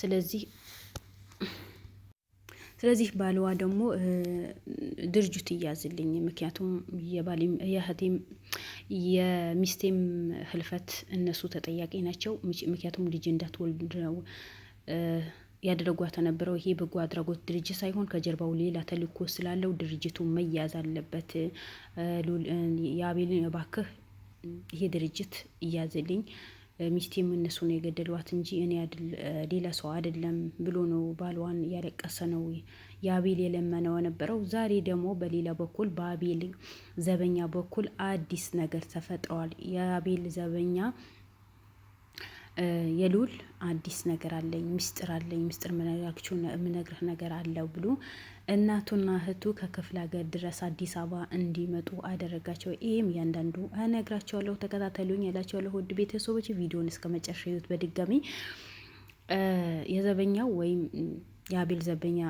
ስለዚህ ስለዚህ ባልዋ ደግሞ ድርጅቱ እያዝልኝ፣ ምክንያቱም የእህቴም የሚስቴም ህልፈት እነሱ ተጠያቂ ናቸው። ምክንያቱም ልጅ እንዳትወልድ ነው ያደረጓት ነበረው። ይሄ በጎ አድራጎት ድርጅት ሳይሆን ከጀርባው ሌላ ተልእኮ ስላለው ድርጅቱ መያዝ አለበት። የአቤልን እባክህ ይሄ ድርጅት እያዝልኝ ሚስቴም እነሱ ነው የገደሏት እንጂ እኔ ሌላ ሰው አይደለም ብሎ ነው ባሏን ያለቀሰ ነው የአቤል የለመነው ነበረው ዛሬ ደግሞ በሌላ በኩል በአቤል ዘበኛ በኩል አዲስ ነገር ተፈጥረዋል። የአቤል ዘበኛ የሉል አዲስ ነገር አለኝ፣ ምስጢር አለኝ፣ ሚስጥር የምነግርህ ነገር አለው ብሎ እናቱና እህቱ ከክፍለ ሀገር ድረስ አዲስ አበባ እንዲመጡ አደረጋቸው። ይህም እያንዳንዱ እነግራቸዋለሁ። ተከታተሉኝ ያላቸዋለሁ። ውድ ቤተሰቦች ቪዲዮን እስከ መጨረሻ ይዩት። በድጋሚ የዘበኛው ወይም የአቤል ዘበኛ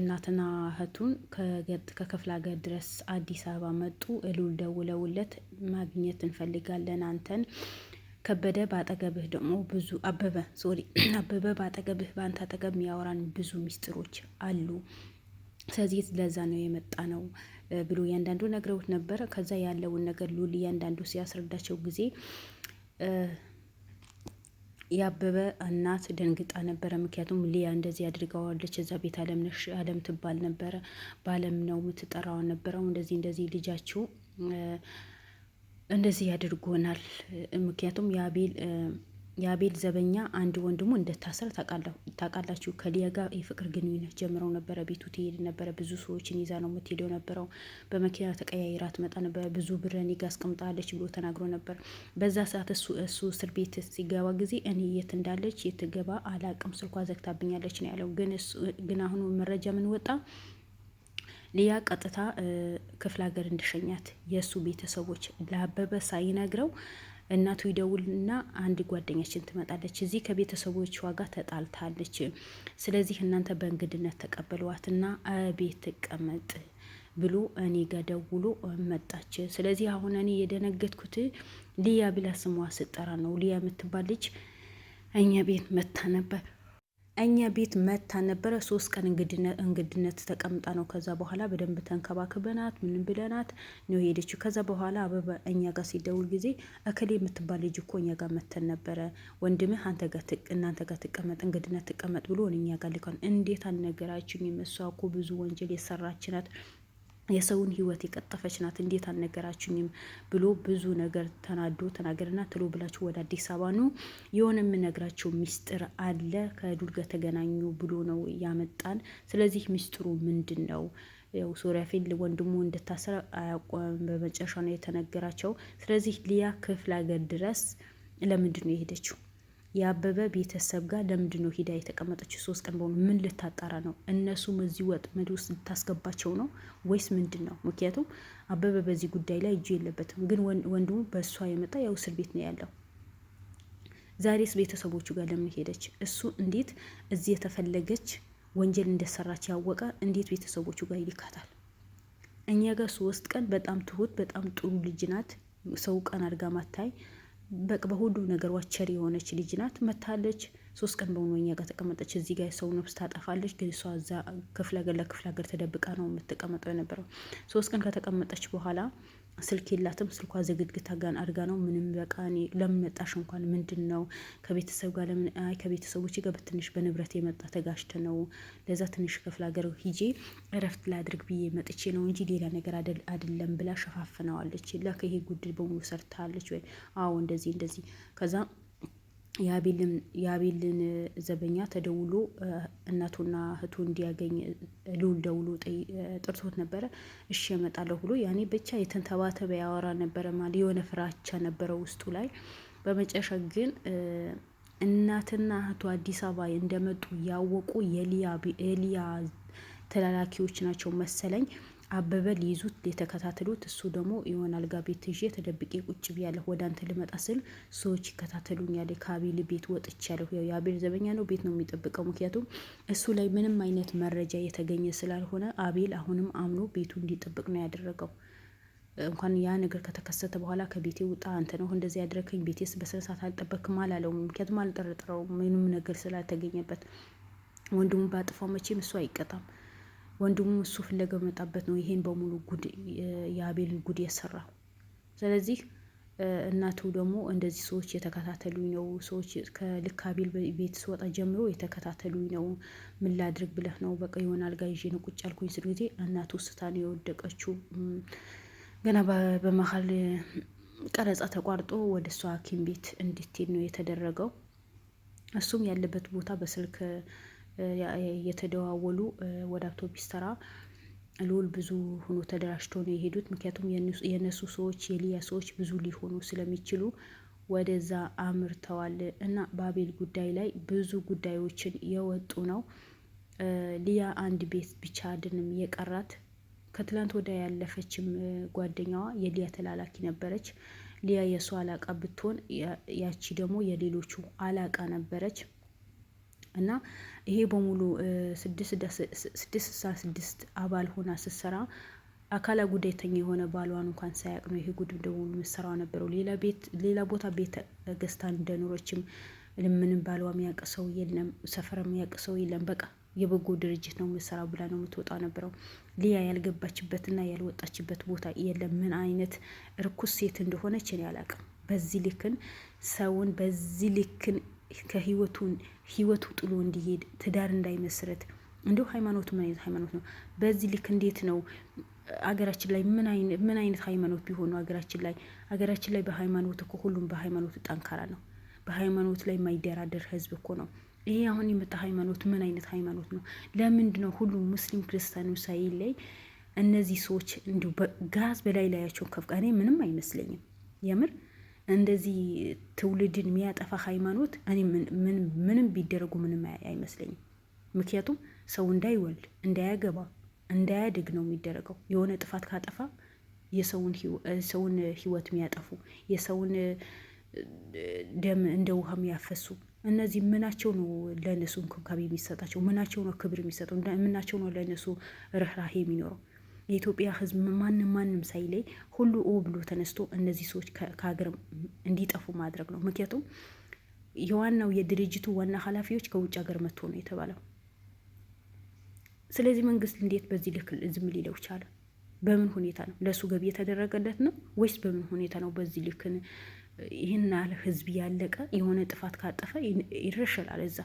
እናትና እህቱን ከክፍለ ሀገር ድረስ አዲስ አበባ መጡ። እሉል ደውለውለት ማግኘት እንፈልጋለን አንተን ከበደ በአጠገብህ ደግሞ ብዙ አበበ ሶሪ አበበ በአጠገብህ በአንተ አጠገብ የሚያወራን ብዙ ሚስጥሮች አሉ። ስለዚህ ለዛ ነው የመጣ ነው ብሎ እያንዳንዱ ነግረውት ነበረ። ከዛ ያለውን ነገር ሉል እያንዳንዱ ሲያስረዳቸው ጊዜ ያበበ እናት ደንግጣ ነበረ። ምክንያቱም ሊያ እንደዚህ አድርገዋለች፣ እዛ ቤት አለምነሽ አለም ትባል ነበረ፣ በአለም ነው የምትጠራው ነበረው እንደዚህ እንደዚህ ልጃችው እንደዚህ ያድርጎናል። ምክንያቱም የአቤል ዘበኛ አንድ ወንድሙ እንደታሰረ ታውቃላችሁ። ከሊያ ጋር የፍቅር ግንኙነት ጀምረው ነበረ። ቤቱ ትሄድ ነበረ። ብዙ ሰዎችን ይዛ ነው የምትሄደው ነበረው። በመኪና ተቀያይራ ትመጣ ነበረ። ብዙ ብር እኔ ጋ አስቀምጣለች ብሎ ተናግሮ ነበር። በዛ ሰዓት እሱ እሱ እስር ቤት ሲገባ ጊዜ እኔ የት እንዳለች የትገባ አላቅም፣ ስልኳ ዘግታብኛለች ነው ያለው። ግን አሁኑ መረጃ ምን ወጣ ሊያ ቀጥታ ክፍለ ሀገር እንደሸኛት የእሱ ቤተሰቦች ለአበበ ሳይነግረው እናቱ ይደውልና አንድ ጓደኛችን ትመጣለች፣ እዚህ ከቤተሰቦቿ ጋር ተጣልታለች። ስለዚህ እናንተ በእንግድነት ተቀበሏትና ቤት ትቀመጥ ብሎ እኔ ጋር ደውሎ መጣች። ስለዚህ አሁን እኔ የደነገጥኩት ሊያ ብላ ስሟ ስጠራ ነው። ሊያ የምትባል ልጅ እኛ ቤት መታ ነበር። እኛ ቤት መታ ነበረ። ሶስት ቀን እንግድነት ተቀምጣ ነው። ከዛ በኋላ በደንብ ተንከባክበናት ምንም ብለናት ነው ሄደችው። ከዛ በኋላ አበባ እኛ ጋር ሲደውል ጊዜ እከሌ የምትባል ልጅ እኮ እኛ ጋር መተን ነበረ፣ ወንድምህ አንተ ጋር እናንተ ጋር ትቀመጥ እንግድነት ትቀመጥ ብሎ እኛ ጋር ልኳን። እንዴት አልነገራችሁኝም? እሷ እኮ ብዙ ወንጀል የሰራችናት የሰውን ህይወት የቀጠፈች ናት፣ እንዴት አልነገራችኝም ብሎ ብዙ ነገር ተናዶ ተናገርና ትሎ ብላችሁ ወደ አዲስ አበባ ነው የሆነ የምነግራቸው ሚስጥር አለ ከዱል ጋር ተገናኙ ብሎ ነው ያመጣን። ስለዚህ ሚስጥሩ ምንድን ነው? ያው ሶሪያ ፊል ወንድሙ እንደታሰረ በመጨረሻ ነው የተነገራቸው። ስለዚህ ሊያ ክፍለ ሀገር ድረስ ለምንድን ነው የሄደችው? የአበበ ቤተሰብ ጋር ለምንድን ነው ሂዳ የተቀመጠች? ሶስት ቀን በሆኑ ምን ልታጣራ ነው? እነሱም እዚህ ወጥመድ ውስጥ ልታስገባቸው ነው ወይስ ምንድን ነው? ምክንያቱም አበበ በዚህ ጉዳይ ላይ እጁ የለበትም። ግን ወንድሙ በእሷ የመጣ ያው እስር ቤት ነው ያለው። ዛሬስ ቤተሰቦቹ ጋር ለምን ሄደች? እሱ እንዴት እዚህ የተፈለገች ወንጀል እንደሰራች ያወቀ እንዴት ቤተሰቦቹ ጋር ይልካታል? እኛ ጋር ሶስት ቀን በጣም ትሁት በጣም ጥሩ ልጅ ናት። ሰው ቀን አድርጋ ማታይ በቅ በሁሉ ነገር ዋቸር የሆነች ልጅ ናት። መታለች ሶስት ቀን በሆኑ እኛ ጋር ተቀመጠች። እዚህ ጋር ሰው ነፍስ ታጠፋለች፣ ግን እሷ እዛ ክፍለ ሀገር ለክፍለ ሀገር ተደብቃ ነው የምትቀመጠው የነበረው። ሶስት ቀን ከተቀመጠች በኋላ ስልክ የላትም። ስልኳ ዘግድግታ ጋን አድጋ ነው ምንም በቃ ለምን መጣሽ እንኳን ምንድን ነው ከቤተሰብ ጋር ለምን አይ ከቤተሰቦች ጋር በትንሽ በንብረት የመጣ ተጋሽተ ነው ለዛ ትንሽ ክፍለ ሀገር ሂጄ እረፍት ላድርግ ብዬ መጥቼ ነው እንጂ ሌላ ነገር አይደለም ብላ ሸፋፍነዋለች። ለከይሄ ጉድል በሙሉ ሰርታለች ወይ? አዎ እንደዚህ እንደዚህ ከዛ የአቤልን ዘበኛ ተደውሎ እናቱና እህቱ እንዲያገኝ ልውል ደውሎ ጥርቶት ነበረ። እሺ እመጣለሁ ብሎ ያኔ ብቻ የተንተባተበ ያወራ ነበረ። ማለት የሆነ ፍራቻ ነበረ ውስጡ ላይ። በመጨረሻ ግን እናትና እህቱ አዲስ አበባ እንደመጡ ያወቁ የሊያ ተላላኪዎች ናቸው መሰለኝ። አበበ ሊይዙት የተከታተሉት እሱ ደግሞ የሆነ አልጋ ቤት ይዤ ተደብቄ ቁጭ ብያለሁ። ወደ አንተ ልመጣ ስል ሰዎች ይከታተሉኝ ያለ ከአቤል ቤት ወጥቻለሁ። ያው የአቤል ዘበኛ ነው፣ ቤት ነው የሚጠብቀው። ምክንያቱም እሱ ላይ ምንም አይነት መረጃ የተገኘ ስላልሆነ አቤል አሁንም አምኖ ቤቱ እንዲጠብቅ ነው ያደረገው። እንኳን ያ ነገር ከተከሰተ በኋላ ከቤቴ ውጣ፣ አንተ ነው እንደዚህ ያደረከኝ፣ ቤቴስ በስነሳት አልጠበክም አላለው። ምክንያቱም አልጠረጥረው ምንም ነገር ስላልተገኘበት። ወንድሙ ባጥፋው መቼም እሱ አይቀጣም። ወንድሙ እሱ ፍለገ መጣበት ነው ይሄን በሙሉ ጉድ የአቤል ጉድ የሰራው። ስለዚህ እናቱ ደግሞ እንደዚህ ሰዎች የተከታተሉኝ ነው፣ ሰዎች ከልክ አቤል ቤት ስወጣ ጀምሮ የተከታተሉኝ ነው፣ ምን ላድርግ ብለህ ነው በቃ የሆነ አልጋ ይዤ ነው ቁጭ ያልኩኝ ስል ጊዜ እናቱ ስታ ነው የወደቀችው። ገና በመሀል ቀረጻ ተቋርጦ ወደ እሷ ሐኪም ቤት እንድትሄድ ነው የተደረገው። እሱም ያለበት ቦታ በስልክ የተደዋወሉ ወደ አውቶቢስ ተራ ልውል ብዙ ሆኖ ተደራጅቶ ነው የሄዱት። ምክንያቱም የእነሱ ሰዎች የሊያ ሰዎች ብዙ ሊሆኑ ስለሚችሉ ወደዛ አምርተዋል እና በአቤል ጉዳይ ላይ ብዙ ጉዳዮችን የወጡ ነው። ሊያ አንድ ቤት ብቻ አይደለም የቀራት። ከትላንት ወዲያ ያለፈችም ጓደኛዋ የሊያ ተላላኪ ነበረች። ሊያ የእሱ አላቃ ብትሆን፣ ያቺ ደግሞ የሌሎቹ አላቃ ነበረች። እና ይሄ በሙሉ ስድስት ስድስት አባል ሆና ስትሰራ አካላ ጉዳተኛ የሆነ ባሏን እንኳን ሳያቅ ነው ይሄ ጉድ ደሞ ምሰራው ነበረው። ሌላ ቦታ ቤት ገዝታ እንደኖረችም ልምንም ባሏ የሚያቅ ሰው የለም፣ ሰፈር የሚያቅ ሰው የለም። በቃ የበጎ ድርጅት ነው ምሰራ ብላ ነው የምትወጣ ነበረው። ሊያ ያልገባችበትና ያልወጣችበት ቦታ የለም። ምን አይነት እርኩስ ሴት እንደሆነች እኔ አላውቅም። በዚህ ልክን ሰውን በዚህ ልክን ከህይወቱን ህይወቱ ጥሎ እንዲሄድ ትዳር እንዳይመስረት እንዲሁ ሃይማኖት ምን አይነት ሃይማኖት ነው? በዚህ ልክ እንዴት ነው አገራችን ላይ ምን አይነት ሃይማኖት ቢሆኑ አገራችን ላይ አገራችን ላይ በሃይማኖት እኮ ሁሉም በሃይማኖቱ ጠንካራ ነው። በሃይማኖት ላይ የማይደራደር ህዝብ እኮ ነው። ይሄ አሁን የመጣ ሃይማኖት ምን አይነት ሃይማኖት ነው? ለምንድ ነው ሁሉም ሙስሊም ክርስቲያኑ ሳይለይ እነዚህ ሰዎች እንዲሁ ጋዝ በላይ ላያቸውን ከፍቃ እኔ ምንም አይመስለኝም የምር እንደዚህ ትውልድን የሚያጠፋ ሃይማኖት እኔ ምንም ቢደረጉ ምንም አይመስለኝም። ምክንያቱም ሰው እንዳይወልድ እንዳያገባ እንዳያድግ ነው የሚደረገው። የሆነ ጥፋት ካጠፋ የሰውን ህይወት የሚያጠፉ የሰውን ደም እንደ ውሃ የሚያፈሱ እነዚህ ምናቸው ነው ለእነሱ እንክብካቤ የሚሰጣቸው? ምናቸው ነው ክብር የሚሰጠው? ምናቸው ነው ለእነሱ ርኅራሄ የሚኖረው? የኢትዮጵያ ህዝብ ማንም ማንም ሳይለይ ሁሉ ኦ ብሎ ተነስቶ እነዚህ ሰዎች ከሀገር እንዲጠፉ ማድረግ ነው። ምክንያቱም የዋናው የድርጅቱ ዋና ኃላፊዎች ከውጭ ሀገር መጥቶ ነው የተባለው። ስለዚህ መንግስት እንዴት በዚህ ልክ ዝም ሊለው ቻለ? በምን ሁኔታ ነው? ለእሱ ገቢ የተደረገለት ነው ወይስ በምን ሁኔታ ነው? በዚህ ልክ ይህን ያህል ህዝብ ያለቀ የሆነ ጥፋት ካጠፈ ይረሸላል። እዛ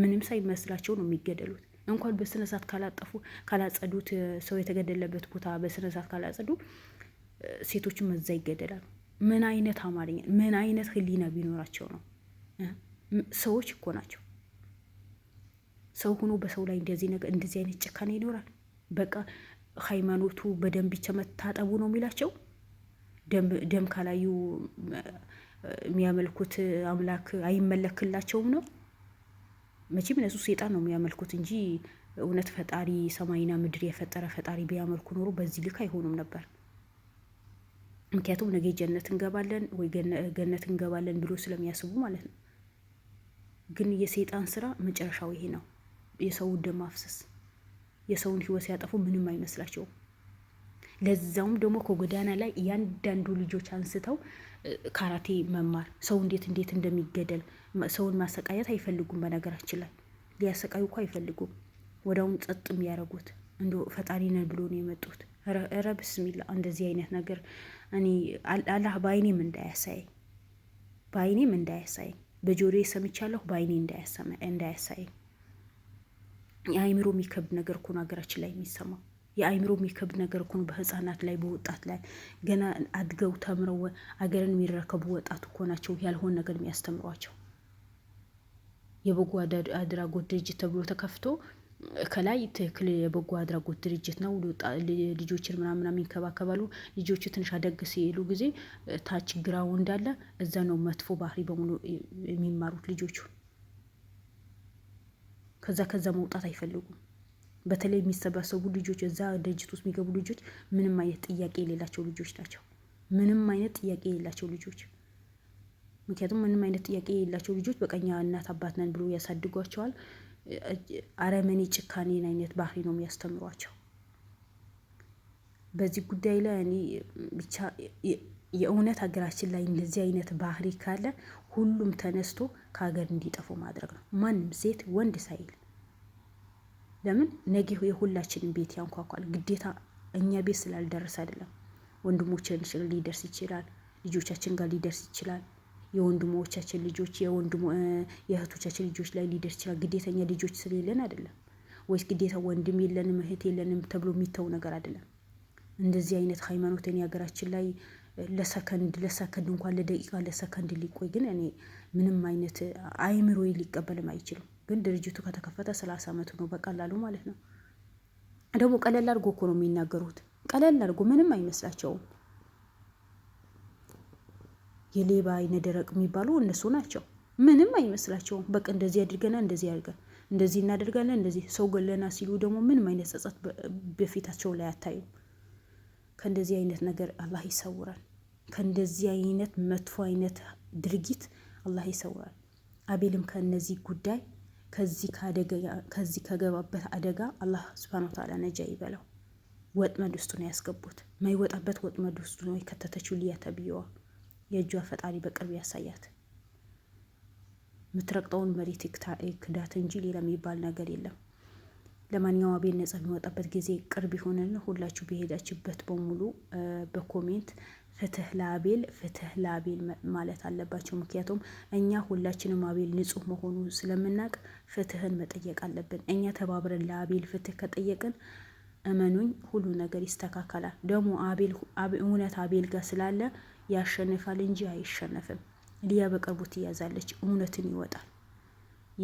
ምንም ሳይመስላቸው ነው የሚገደሉት። እንኳን በስነሳት ካላጠፉ ካላጸዱት ሰው የተገደለበት ቦታ በስነሳት ካላጸዱ ሴቶች መዛ ይገደላሉ። ምን አይነት አማርኛ ምን አይነት ህሊና ቢኖራቸው ነው? ሰዎች እኮ ናቸው። ሰው ሆኖ በሰው ላይ እንደዚህ ነገር እንደዚህ አይነት ጭካኔ ይኖራል? በቃ ሃይማኖቱ በደንብ ብቻ መታጠቡ ነው የሚላቸው። ደም ካላዩ የሚያመልኩት አምላክ አይመለክላቸውም ነው። መቼም እነሱ ሴጣን ነው የሚያመልኩት እንጂ እውነት ፈጣሪ ሰማይና ምድር የፈጠረ ፈጣሪ ቢያመልኩ ኖሮ በዚህ ልክ አይሆኑም ነበር። ምክንያቱም ነገ ጀነት እንገባለን ወይ ገነት እንገባለን ብሎ ስለሚያስቡ ማለት ነው። ግን የሴጣን ስራ መጨረሻው ይሄ ነው፣ የሰውን ደም ማፍሰስ፣ የሰውን ህይወት ሲያጠፉ ምንም አይመስላቸውም። ለዛውም ደግሞ ከጎዳና ላይ እያንዳንዱ ልጆች አንስተው ካራቴ መማር ሰው እንዴት እንዴት እንደሚገደል ሰውን ማሰቃየት አይፈልጉም። በነገራችን ላይ ሊያሰቃዩ እኮ አይፈልጉም። ወዳውን ጸጥ የሚያደርጉት እንዶ ፈጣሪ ነን ብሎ ነው የመጡት። ረ ብስሚላ እንደዚህ አይነት ነገር እኔ አላህ በአይኔም እንዳያሳይ በአይኔም እንዳያሳይ በጆሮዬ ሰምቻለሁ፣ በአይኔ እንዳያሳይ። የአይምሮ የሚከብድ ነገር እኮ ነው ሀገራችን ላይ የሚሰማው። የአይምሮ የሚከብድ ነገር እኮ ነው። በህፃናት ላይ በወጣት ላይ ገና አድገው ተምረው አገርን የሚረከቡ ወጣት እኮ ናቸው። ያልሆን ነገር የሚያስተምሯቸው የበጎ አድራጎት ድርጅት ተብሎ ተከፍቶ ከላይ ትክክል የበጎ አድራጎት ድርጅት ነው። ልጆችን ምናምና ይንከባከባሉ። ልጆቹ ትንሽ አደግ ሲሉ ጊዜ ታች ግራው እንዳለ እዛ ነው መጥፎ ባህሪ በሙሉ የሚማሩት ልጆቹ። ከዛ ከዛ መውጣት አይፈልጉም። በተለይ የሚሰባሰቡ ልጆች እዛ ድርጅት ውስጥ የሚገቡ ልጆች ምንም አይነት ጥያቄ የሌላቸው ልጆች ናቸው። ምንም አይነት ጥያቄ የሌላቸው ልጆች ምክንያቱም ምንም አይነት ጥያቄ የሌላቸው ልጆች በቀኛ እናት አባት ነን ብሎ ያሳድጓቸዋል። አረመኔ ጭካኔን አይነት ባህሪ ነው የሚያስተምሯቸው። በዚህ ጉዳይ ላይ እኔ ብቻ የእውነት ሀገራችን ላይ እንደዚህ አይነት ባህሪ ካለ ሁሉም ተነስቶ ከሀገር እንዲጠፉ ማድረግ ነው። ማንም ሴት ወንድ ሳይል ለምን ነገ የሁላችንም ቤት ያንኳኳል። ግዴታ እኛ ቤት ስላልደረሰ አይደለም። ወንድሞቻችን ሊደርስ ይችላል፣ ልጆቻችን ጋር ሊደርስ ይችላል። የወንድሞቻችን ልጆች የእህቶቻችን ልጆች ላይ ሊደርስ ይችላል። ግዴታ እኛ ልጆች ስለሌለን አይደለም። ወይስ ግዴታ ወንድም የለንም እህት የለንም ተብሎ የሚተው ነገር አይደለም። እንደዚህ አይነት ሃይማኖትን የሀገራችን ላይ ለሰከንድ ለሰከንድ እንኳን ለደቂቃ ለሰከንድ ሊቆይ ግን እኔ ምንም አይነት አይምሮ ሊቀበልም አይችልም። ግን ድርጅቱ ከተከፈተ ሰላሳ ዓመቱ ነው በቀላሉ ማለት ነው። ደግሞ ቀለል አድርጎ እኮ ነው የሚናገሩት። ቀለል አድርጎ ምንም አይመስላቸውም። የሌባ አይነ ደረቅ የሚባሉ እነሱ ናቸው። ምንም አይመስላቸውም። በቃ እንደዚህ አድርገና እንደዚህ አድርገን እንደዚህ እናደርጋለን እንደዚህ ሰው ገለና ሲሉ ደግሞ ምንም አይነት ጸጸት በፊታቸው ላይ አታዩም። ከእንደዚህ አይነት ነገር አላህ ይሰውራል። ከእንደዚህ አይነት መጥፎ አይነት ድርጊት አላህ ይሰውራል። አቤልም ከነዚህ ጉዳይ ከዚህ ከገባበት አደጋ አላህ ስብሃነ ወተዓላ ነጃ ይበለው። ወጥመድ ውስጡ ነው ያስገቡት። ማይወጣበት ወጥመድ ውስጡ ነው የከተተችው። ልያ ተብዬዋ የእጇ ፈጣሪ በቅርብ ያሳያት። የምትረቅጠውን መሬት ክዳት እንጂ ሌላ የሚባል ነገር የለም። ለማንኛውም አቤል ነጻ የሚወጣበት ጊዜ ቅርብ ይሆነን። ሁላችሁ በሄዳችበት በሙሉ በኮሜንት ፍትህ ለአቤል ፍትህ ለአቤል ማለት አለባቸው። ምክንያቱም እኛ ሁላችንም አቤል ንጹህ መሆኑ ስለምናውቅ ፍትህን መጠየቅ አለብን። እኛ ተባብረን ለአቤል ፍትህ ከጠየቅን እመኑኝ ሁሉ ነገር ይስተካከላል። ደግሞ እውነት አቤል ጋር ስላለ ያሸንፋል እንጂ አይሸነፍም። ሊያ በቅርቡ ትያዛለች፣ እውነትን ይወጣል።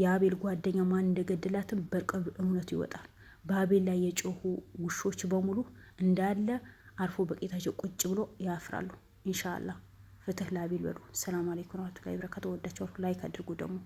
የአቤል ጓደኛ ማን እንደገደላትም በቅርብ እውነቱ ይወጣል። በአቤል ላይ የጮሁ ውሾች በሙሉ እንዳለ አርፎ በቄታቸው ቁጭ ብሎ ያፍራሉ። ኢንሻላ ፍትህ ለአቤል በሉ። ሰላም አለይኩም ረቱላ ወበረካቱ። ወዳቸው ላይክ አድርጉ ደግሞ